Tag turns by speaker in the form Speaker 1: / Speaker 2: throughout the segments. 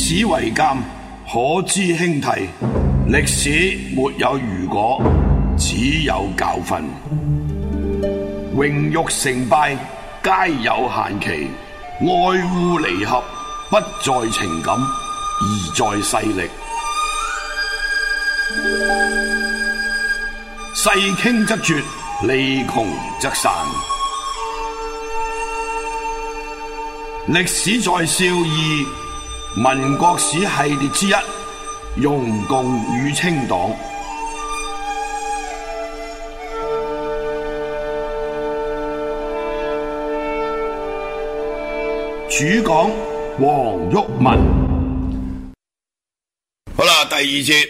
Speaker 1: 史為鑒，可知興替。歷史沒有如果，只有教訓。榮辱成敗皆有限期，愛烏離合不在情感，而在勢力。世傾則絕，利窮則散。歷史在笑義。民國史系列之一，容共與清黨，主講黃毓民。好啦，第二節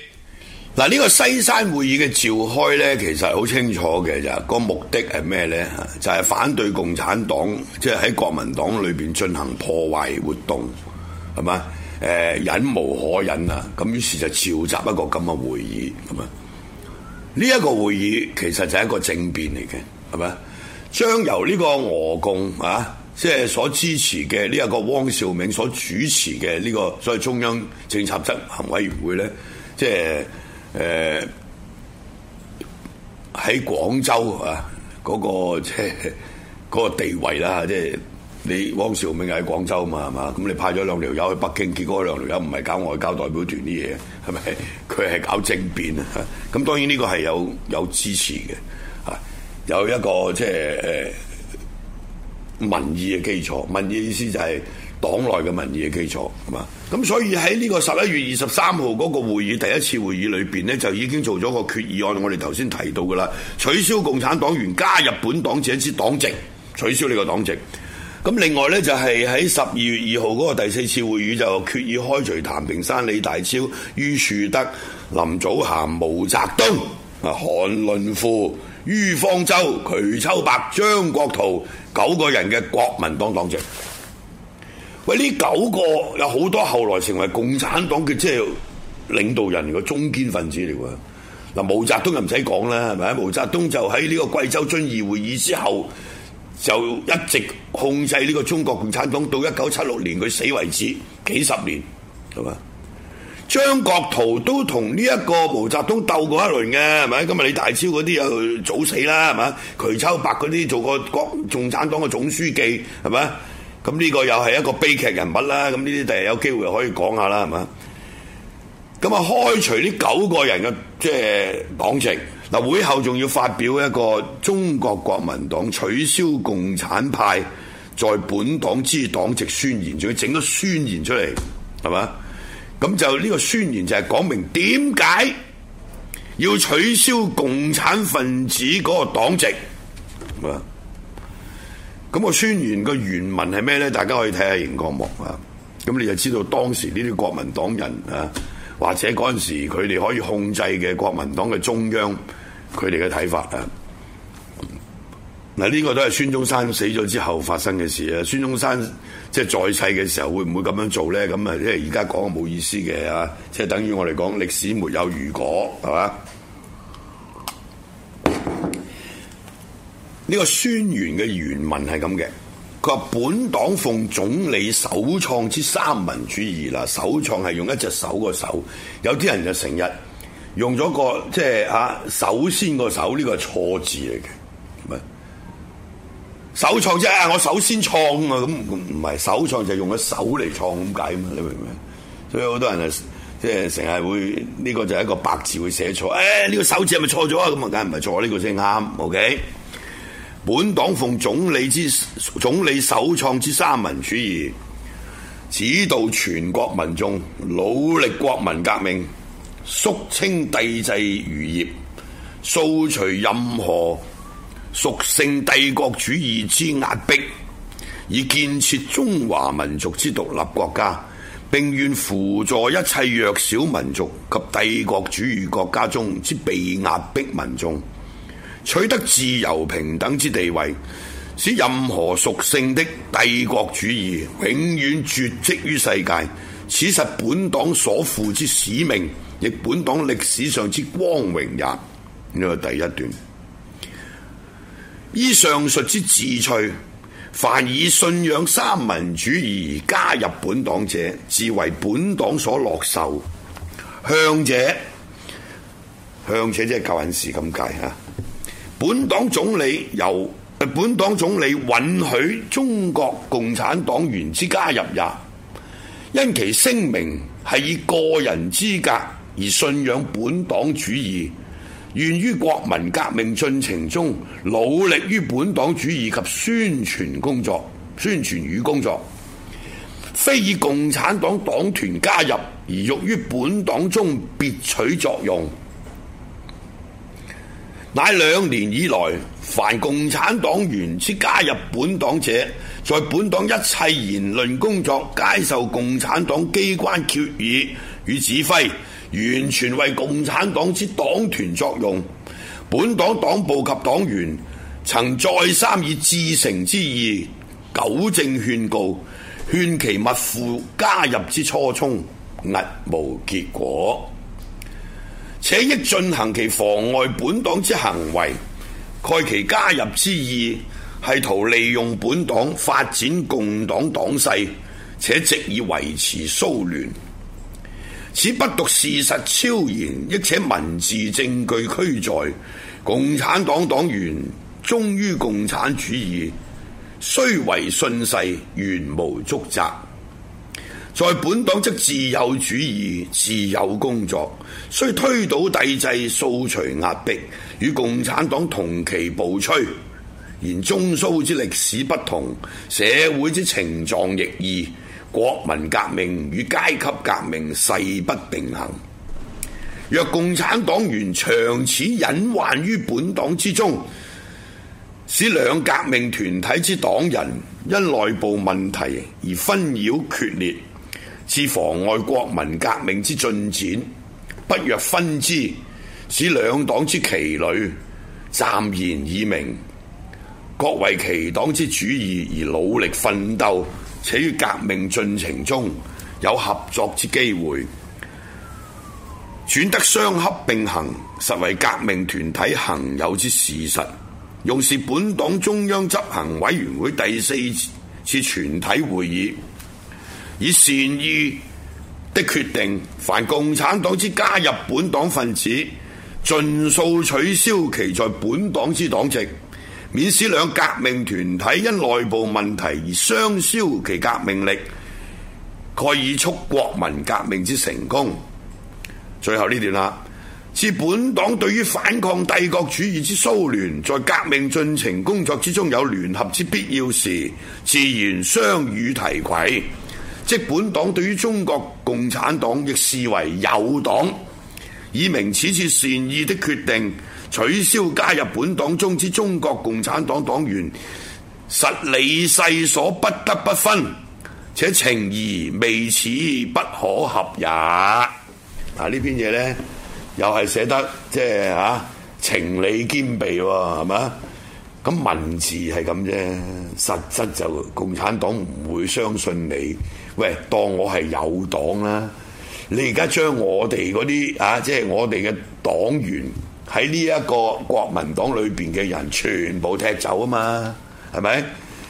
Speaker 1: 嗱，呢、這個西山會議嘅召開咧，其實好清楚嘅就個目的係咩咧？就係、是、反對共產黨，即係喺國民黨裏邊進行破壞活動，係嘛？誒、呃、忍無可忍啦、啊，咁於是就召集一個咁嘅會議，咁啊呢一個會議其實就係一個政變嚟嘅，係咪？將由呢個俄共啊，即係所支持嘅呢一個汪兆銘所主持嘅呢個所謂中央政策執行委員會咧，即係誒喺廣州啊嗰、那個即係嗰、那個、地位啦、啊，即係。你汪兆銘喺廣州嘛係嘛？咁你派咗兩條友去北京，結果兩條友唔係搞外交代表團啲嘢，係咪？佢係搞政變啊！咁當然呢個係有有支持嘅，嚇、啊、有一個即係誒民意嘅基礎。民意民意，意思就係黨內嘅民意嘅基礎，係嘛？咁所以喺呢個十一月二十三號嗰個會議第一次會議裏邊呢，就已經做咗個決議案。我哋頭先提到㗎喇，取消共產黨員加入本黨者之黨籍，取消呢個黨籍。咁另外咧就係喺十二月二號嗰個第四次會議就決議開除譚平山、李大釗、于樹德、林祖涵、毛澤東、啊韓麟符、于方舟、瞿秋白、張國燾九個人嘅國民黨黨籍。喂，呢九個有好多後來成為共產黨嘅即係領導人嘅中堅分子嚟㗎。嗱，毛澤東唔使講啦，係咪？毛澤東就喺呢個貴州遵義會議之後。就一直控制呢個中國共產黨到一九七六年佢死為止，幾十年係嘛？張國燾都同呢一個毛澤東鬥過一輪嘅，係咪？今日李大釗嗰啲又早死啦，係嘛？瞿秋白嗰啲做過國共產黨嘅總書記，係嘛？咁、這、呢個又係一個悲劇人物啦。咁呢啲第日有機會可以講下啦，係嘛？咁啊，開除呢九個人嘅即係黨籍。呃嗱，會後仲要發表一個中國國民黨取消共產派在本黨之黨籍宣言，仲要整咗宣言出嚟，係嘛？咁就呢個宣言就係講明點解要取消共產分子嗰個黨籍。咁個宣言個原文係咩呢？大家可以睇下熒光幕啊！咁你就知道當時呢啲國民黨人啊，或者嗰陣時佢哋可以控制嘅國民黨嘅中央。佢哋嘅睇法啊，嗱，呢個都係孫中山死咗之後發生嘅事啊。孫中山即係在世嘅時候會唔會咁樣做咧？咁啊，即係而家講冇意思嘅啊，即係等於我哋講歷史沒有如果，係嘛？呢、這個宣言嘅原文係咁嘅，佢話本黨奉總理首創之三民主義啦，首創係用一隻手個手，有啲人就成日。用咗個即係啊，首先個首呢個錯字嚟嘅，唔係首創啫，我首先創啊，咁唔唔係首創就用咗手嚟創咁解啊嘛，你明唔明？所以好多人啊，即係成日會呢個就係一個白字會寫錯，誒呢個首字係咪錯咗啊？咁啊，梗係唔係錯呢個先啱，OK？本黨奉總理之總理首創之三民主義，指導全國民眾努力國民革命。肅清帝制餘孽，掃除任何屬性帝國主義之壓迫，以建設中華民族之獨立國家，並願輔助一切弱小民族及帝國主義國家中之被壓迫民眾，取得自由平等之地位，使任何屬性的帝國主義永遠絕迹於世界。此實本黨所負之使命。亦本黨歷史上之光榮也，呢個第一段。依上述之旨趣，凡以信仰三民主義而加入本黨者，自為本黨所樂受。向者，向者即係舊陣時咁解。啊！本黨總理由本黨總理允許中國共產黨員之加入也，因其聲明係以個人資格。而信仰本黨主義，源於國民革命進程中努力於本黨主義及宣傳工作、宣傳與工作，非以共產黨黨團加入而欲於本黨中別取作用，乃兩年以來凡共產黨員之加入本黨者，在本黨一切言論工作皆受共產黨機關決議與指揮。完全為共產黨之黨團作用，本黨黨部及黨員曾再三以至誠之意糾正勸告，勸其勿負加入之初衷，而無結果，且亦進行其妨礙本黨之行為。蓋其加入之意係圖利用本黨發展共黨黨勢，且直以維持蘇聯。此不獨事實超然，亦且文字證據俱在。共產黨黨員忠於共產主義，雖為順世，然無足責。在本黨則自由主義，自有工作，雖推倒帝制，掃除壓迫，與共產黨同期暴吹。然中蘇之歷史不同，社會之情狀亦異。國民革命與階級革命勢不並行。若共產黨員長此隱患於本黨之中，使兩革命團體之黨人因內部問題而紛擾決裂，致妨礙國民革命之進展，不若分之兩黨之，使兩黨之旗侶暫然以明，各為其黨之主義而努力奮鬥。且於革命進程中有合作之機會，轉得雙合並行，實為革命團體行有之事實。用是本黨中央執行委員會第四次全體會議以善意的決定，凡共產黨之加入本黨分子，盡數取消其在本黨之黨籍。免使兩革命團體因內部問題而相消其革命力，蓋以促國民革命之成功。最後呢段啦，自本黨對於反抗帝國主義之蘇聯，在革命進程工作之中有聯合之必要時，自然相與提攜；即本黨對於中國共產黨亦視為友黨，以明此次善意的決定。取消加入本黨中之中國共產黨黨員，實理勢所不得不分，且情義未始不可合也。嗱、啊、呢篇嘢咧，又係寫得即係吓、啊、情理兼備喎、啊，係嘛？咁文字係咁啫，實質就共產黨唔會相信你。喂，當我係有黨啦，你而家將我哋嗰啲啊，即係我哋嘅黨員。喺呢一個國民黨裏邊嘅人全部踢走啊嘛，係咪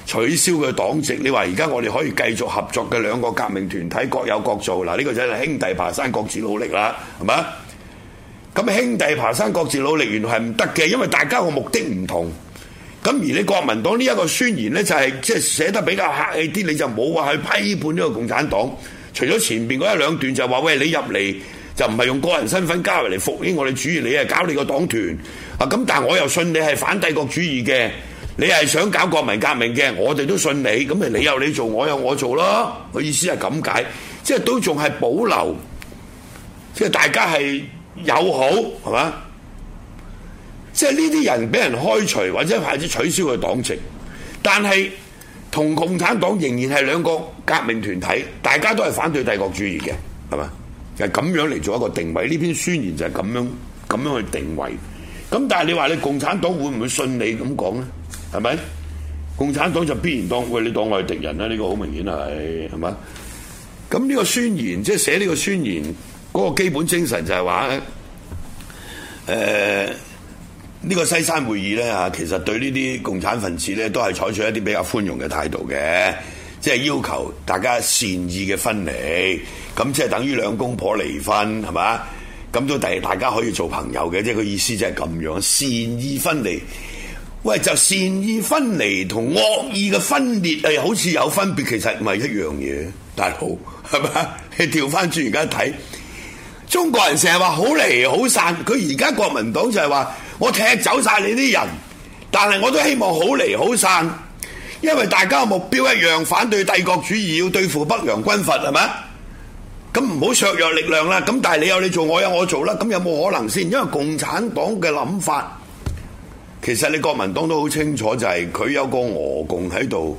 Speaker 1: 取消佢黨籍？你話而家我哋可以繼續合作嘅兩個革命團體各有各做嗱，呢個就係兄弟爬山各自努力啦，係嘛？咁兄弟爬山各自努力原來係唔得嘅，因為大家嘅目的唔同。咁而你國民黨呢一個宣言呢，就係即係寫得比較客氣啲，你就冇話去批判呢個共產黨，除咗前面嗰一兩段就話喂你入嚟。就唔係用個人身份加入嚟服膺我哋主義，你係搞你個黨團啊！咁，但我又信你係反帝國主義嘅，你係想搞國民革命嘅，我哋都信你，咁咪你有你做，我有我做咯。我意思係咁解，即係都仲係保留，即係大家係友好，係嘛？即係呢啲人俾人開除或者牌子取消佢黨籍，但係同共產黨仍然係兩個革命團體，大家都係反對帝國主義嘅，係嘛？咁樣嚟做一個定位，呢篇宣言就係咁樣咁樣去定位。咁但係你話你共產黨會唔會信你咁講咧？係咪？共產黨就必然當喂，你當我係敵人啦，呢個好明顯係，係嘛？咁呢個宣言，即係寫呢個宣言嗰個基本精神就係話，誒、呃，呢個西山會議咧吓，其實對呢啲共產分子咧都係採取一啲比較寬容嘅態度嘅。即係要求大家善意嘅分離，咁即係等於兩公婆離婚，係嘛？咁都第日大家可以做朋友嘅，即係個意思即係咁樣善意分離。喂，就善意分離同惡意嘅分裂係好似有分別，其實唔係一樣嘢。但係好係嘛？你調翻轉而家睇，中國人成日話好離好散，佢而家國民黨就係話我踢走晒你啲人，但係我都希望好離好散。因為大家目標一樣，反對帝國主義，要對付北洋軍閥，係咪？咁唔好削弱力量啦。咁但係你有你做，我有我做啦。咁有冇可能先？因為共產黨嘅諗法，其實你國民黨都好清楚，就係佢有個俄共喺度，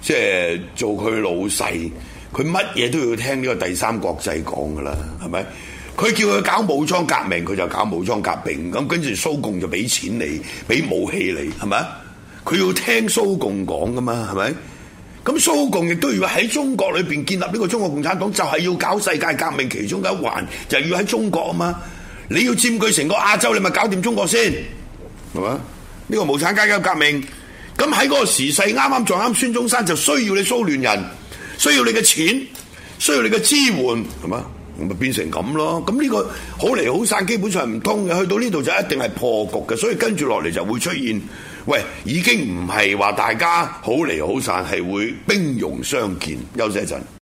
Speaker 1: 即係做佢老細，佢乜嘢都要聽呢個第三國際講噶啦，係咪？佢叫佢搞武裝革命，佢就搞武裝革命。咁跟住蘇共就俾錢你，俾武器你，係咪？佢要聽蘇共講噶嘛，係咪？咁蘇共亦都要喺中國裏邊建立呢個中國共產黨，就係要搞世界革命其中一環，就要喺中國啊嘛。你要佔據成個亞洲，你咪搞掂中國先係嘛？呢個無產階級革命，咁喺嗰個時勢啱啱撞啱，孫中山就需要你蘇聯人，需要你嘅錢，需要你嘅支援，係嘛？咁咪變成咁咯？咁呢個好嚟，好散，基本上唔通嘅，去到呢度就一定係破局嘅，所以跟住落嚟就會出現。喂，已經唔係話大家好離好散，係會兵戎相見，休息一陣。